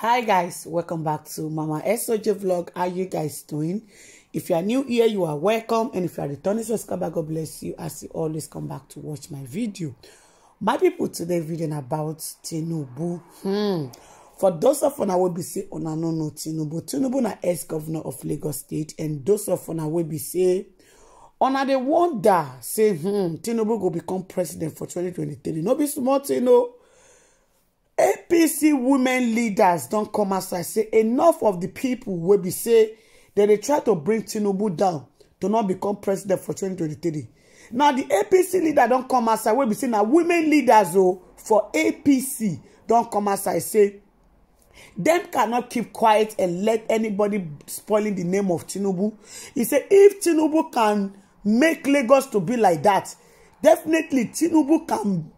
hi guys welcome back to mama soj vlog how you guys doing if you are new here you are welcome and if you are returning subscriber god bless you as you always come back to watch my video my people today reading about tinubu hmm. for those of una wey be say una no know tinubu tinubu na ex-governor of lagos state and those of una wey be say una dey wonder say hmm, tinubu go become president for 2023 no be smart, tin o apc women leaders don't come as I say enough of the people will be say that they try to bring tinubu down to not become president for 2023 now the apc leader don't come as I will be saying. Now women leaders oh for apc don't come as I say Them cannot keep quiet and let anybody spoiling the name of tinubu He said if tinubu can make lagos to be like that, definitely tinubu can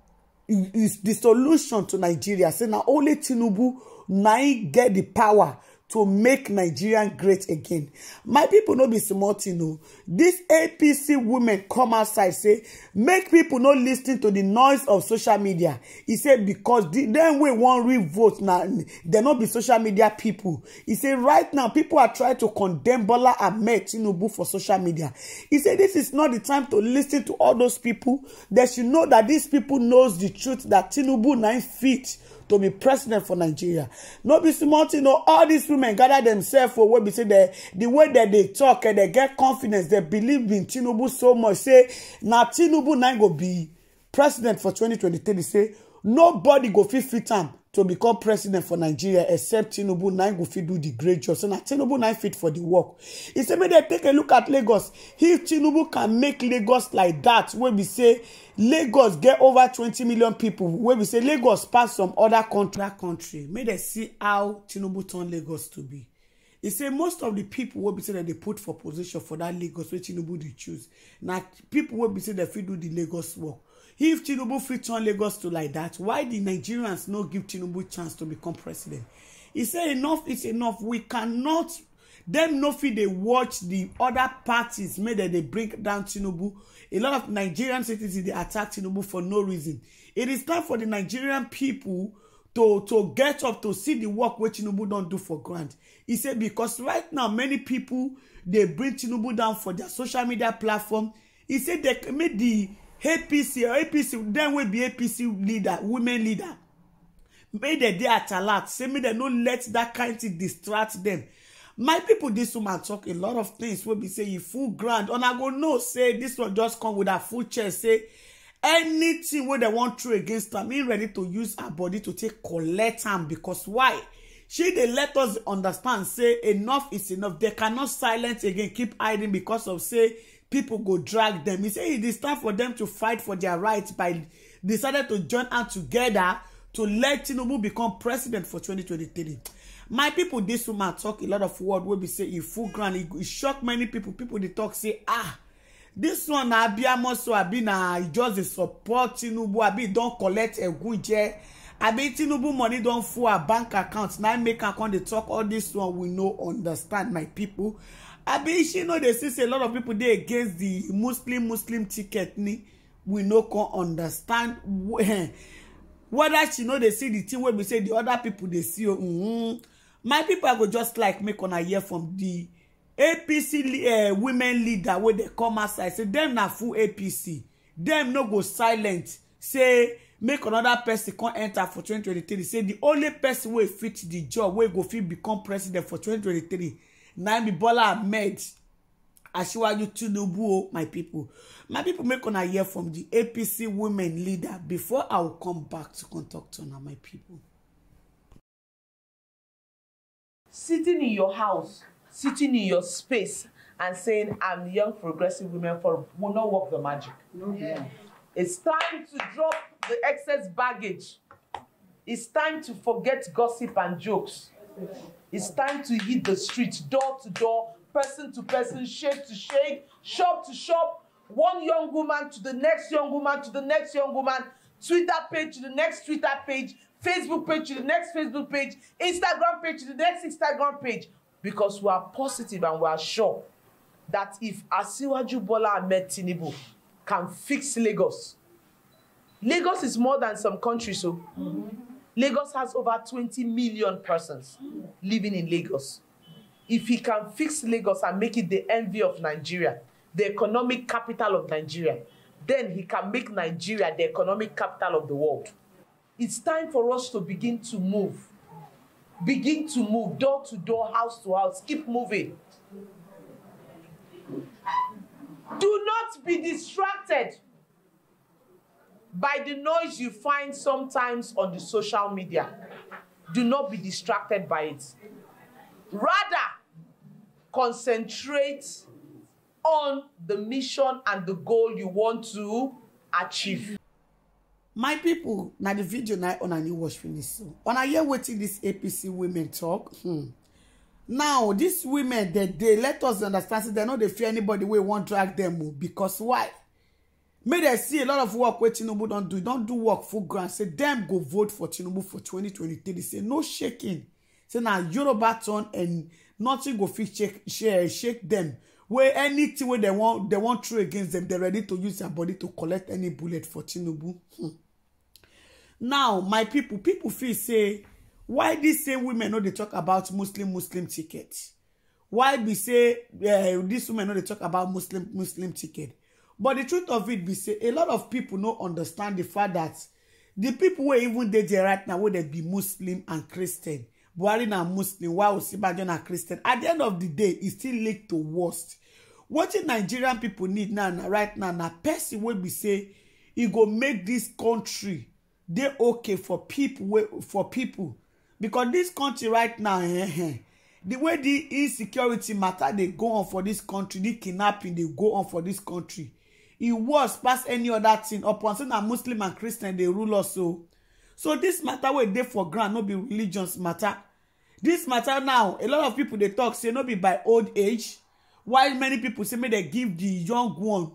is the solution to nigeria say na only tinubu na im get the power to make nigeria great again my people no be small tin o this apc women come outside say make people no listen to the noise of social media e say becos dem wey wan re-vote na dem no be social media people. He said right now people are trying to condemn bola ahmed tinubu for social media He said this is not the time to listen to all those people. They should know that these people knows the truth that tinubu na im fit to be president for nigeria no be small thing o all these women gather themselves for wey be say the way that they talk and they get confidence they believe in tinubu so much say now tinubu now go be president for 2023 say nobody go fit fit am to become president for nigeria except tinubu nine go fit do the great job so na tinubu nine fit for the work He say make dem take a look at lagos if tinubu can make lagos like that. wey be say lagos get over twenty million people. wey be say lagos pass some other country Country. make dem see how tinubu turn lagos to be He say most of the people wey be say dem dey put for position for that lagos wey tinubu dey choose na people wey be say dem fit do the lagos work if tinubu fit turn lagos to like that, why di nigerians no give tinubu chance to become president e say enough is enough we cannot dem no fit dey watch di oda parties make dem dey break down tinubu a lot of nigerian citizens dey attack tinubu for no reason it is time for di nigerian pipo to to get up to see di work wey tinubu don do for ground e say because right now many pipo dey bring tinubu down for dia social media platform e say make di apc or apc dem wey be apc leader women leader May dem dey at alert say may dem no let dat kain thing distract dem my pipo dis woman tok a lot of things wey be say e full ground and i go know say dis one just come with her full chest say anything wey dem wan throw against am im ready to use her body to take collect am becos why she dey let us understand say enough is enough dem cannot silence again keep hiding becos of say people go drag them. He said it is time for them to fight for their rights by decided to join out together to let Tinubu become president for 2023. My people, this woman talk a lot of word wey be say e full ground. It e, e shock many people. People dey talk say, ah, this one abi Abiyamo abi na e just dey support Tinubu abi e don't collect a good Egunje abi Tinubu money don't full a bank account Now make account. They talk all this one we no understand my people abi she no dey see say a lot of people dey against the muslim muslim ticket ni we no can understand eh, whether she no dey see the thing wey be say the other people dey see oh mm my people i go just like make una hear from the apc eh, women leader wey dey come outside say dem na full apc dem no go silent say make another person come enter for 2023 say the only person wey fit the job wey go fit become president for 2023 naimi bola ahmed asiwaju tinubu o my pipo my pipo make una hear from di apc women leader before i will come back to contact una my pipo. sitting in your house sitting in your space and saying i'm young progressive women forum will not work the magic. No, yeah. it's time to drop the excess baggage it's time to forget gossip and jokes. Yeah. It's time to hit the streets, door to door, person to person, shake to shake, shop to shop, one young woman to the next young woman to the next young woman, Twitter page to the next Twitter page, Facebook page to the next Facebook page, Instagram page to the next Instagram page. Because we are positive and we are sure that if Asiwaju Bola Ahmed Tinubu can fix Lagos, Lagos is more than some countries, so. Oh. Mm-hmm. Lagos has over 20 million persons living in Lagos. If he can fix Lagos and make it the envy of Nigeria, the economic capital of Nigeria, then he can make Nigeria the economic capital of the world. It's time for us to begin to move. Begin to move door to door, house to house. Keep moving. Do not be distracted by the noise you find sometimes on the social media. Do not be distracted by it. Rather, concentrate on the mission and the goal you want to achieve. my people, now the video on a new watch finish so una hear wetin this apc women talk? hmm now these women they dey let us understand say they know they fear anybody wey wan drag dem o oh, becos why make dem see a lot of work wey tinubu don do don do work full ground say dem go vote for tinubu for 2023 say no shaking say na yoruba turn and nothing go fit shake shake, shake dem wey anything wey dem wan dem wan throw against dem dem ready to use their body to collect any bullet for tinubu hmm. now my people people feel say why dis same women no dey talk about muslim muslim ticket why be say uh, eh, dis women no dey talk about muslim muslim ticket but the truth of it be say a lot of people no understand the fact that the people wey even dey there right now where they be muslim and christian buhari na muslim while osinbajo na christian at the end of the day it e still leak to worst wetin nigerian people need now now right now now person will be say he go make this country they okay for people for people because this country right now the way the insecurity matter they go on for this country the kidnapping they go on for this country e worse pass any other thing upon say na muslim and christian dey rule us o so dis matter wey dey for ground no be religions matter dis matter now a lot of pipo dey talk say no be by old age while many pipo say make dem give di young one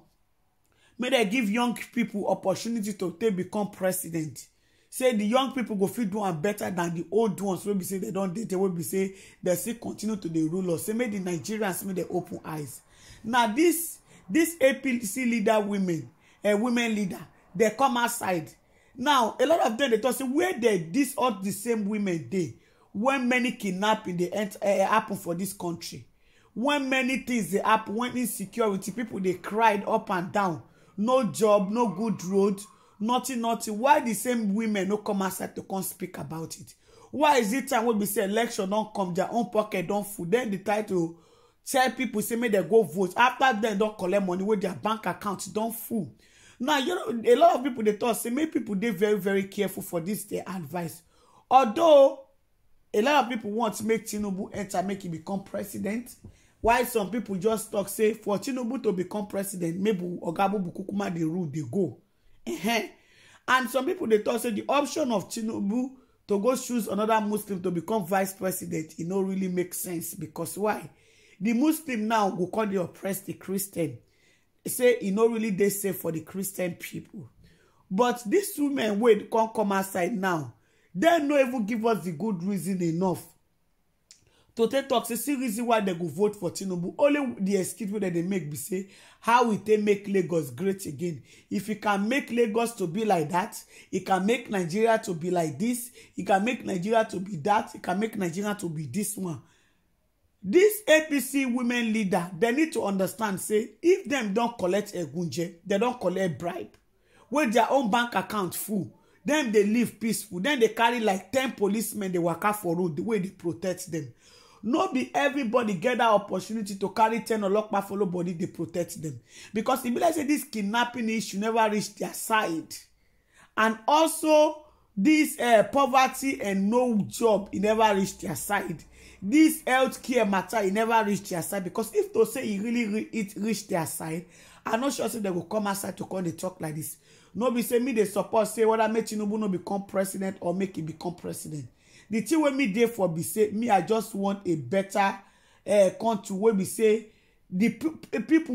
make dem give young pipo opportunity to take become president say di young pipo go fit do am better than di old ones wey be say dem don date wey be say dem still continue to dey rule us say make di nigerians make dem open eyes na dis these APC leader women and uh, eh, women leader they come outside now a lot of them dey talk say where dey this all the same women dey when many kidnapping dey uh, happen for this country when many things dey happen when insecurity people dey cried up and down no job no good road nothing nothing why the same women no come outside to come speak about it why is it time wey be say election don come their own pocket don full then the title tell people say make dem go vote After dem don collect money wey their bank account don full now you know a lot of people dey talk say make people dey very very careful for this. their advice although a lot of people want make tinubu enter make e become president while some people just talk say for tinubu to become president maybe ogabubu kukuma dey rule dey go and some people dey talk say the option of tinubu to go choose another muslim to become vice president e no really make sense because why the muslim now go come dey oppress the christian say e no really dey safe for the christian people but dis women wey come come outside now dem no even give us the good reason enough to take tok say see reason why dem go vote for tinubu only the excuse wey dem dey make be say how we take make lagos great again if you can make lagos to be like that, e can make nigeria to be like this. e can make nigeria to be that. e can make nigeria to be this one This apc women leader they need to understand say if them don't collect a egunje they don't collect a bribe wey their own bank account full then they live peaceful Then they carry like ten policemen They dey out for road the way they protect them. Not be everybody get that opportunity to carry ten lock follow body they protect them. because e be say this kidnapping issue never reach their side and also dis eh, poverty and no job e never reach their side This health care matter e never reach their side because if to say e really it reach their side i no sure say dem go come outside to come dey talk like this. no be say me dey support say whether make tinubu no become president or make him become president The thing wey me dey for be say me i just want a better eh, country wey be say di pipo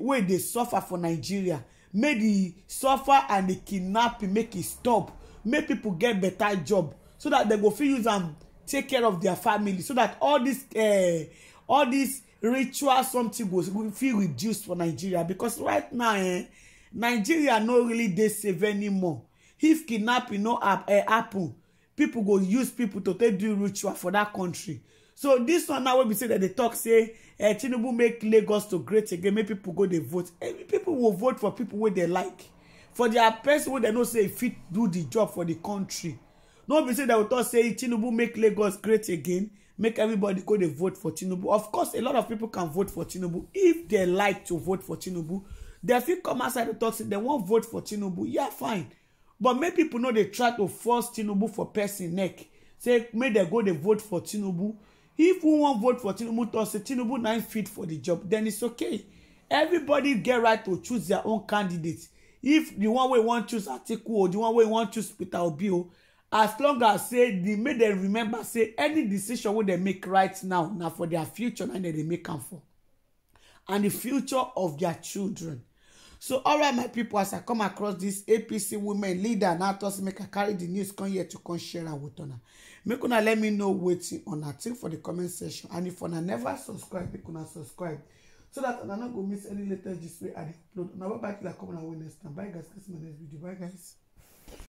wey dey suffer for nigeria make the suffer and the kidnapping make e stop make people get better job so that they go fit use am take care of their family so that all this uh, all this ritual something go fit reduce for nigeria because right now eh, nigeria no really dey safe anymore if kidnapping no uh, happen people go use people to take do ritual for that country so this one now wey be say dem dey talk say eh, tinubu make lagos to great again make people go dey vote People go vote for people wey dem like for their person wey dem know say fit do the job for the country no be say dem go talk say tinubu make lagos great again make everybody go dey vote for tinubu of course a lot of people can vote for tinubu if dem like to vote for tinubu dem fit come outside to talk say dem wan vote for tinubu yeah fine but make people no dey try to force tinubu for person neck say make dem go dey vote for tinubu if we wan vote for tinubu talk say tinubu na im fit for the job then its okay everybody get right to choose their own candidate if the one wey wan choose atiku or the one wey wan choose peter obi o as long as say they make them remember say any decision wey they make right now na for their future na they dey make am for and the future of their children so all right my people as i come across this apc women leader na toss make i carry the news come here to come share am with una make una let me know wetin una think for the comment section and if una never subscribe make una subscribe so that una no go miss any latest gist wey i dey upload una bye bye till i come una wey next time bye guys see my next video bye guys.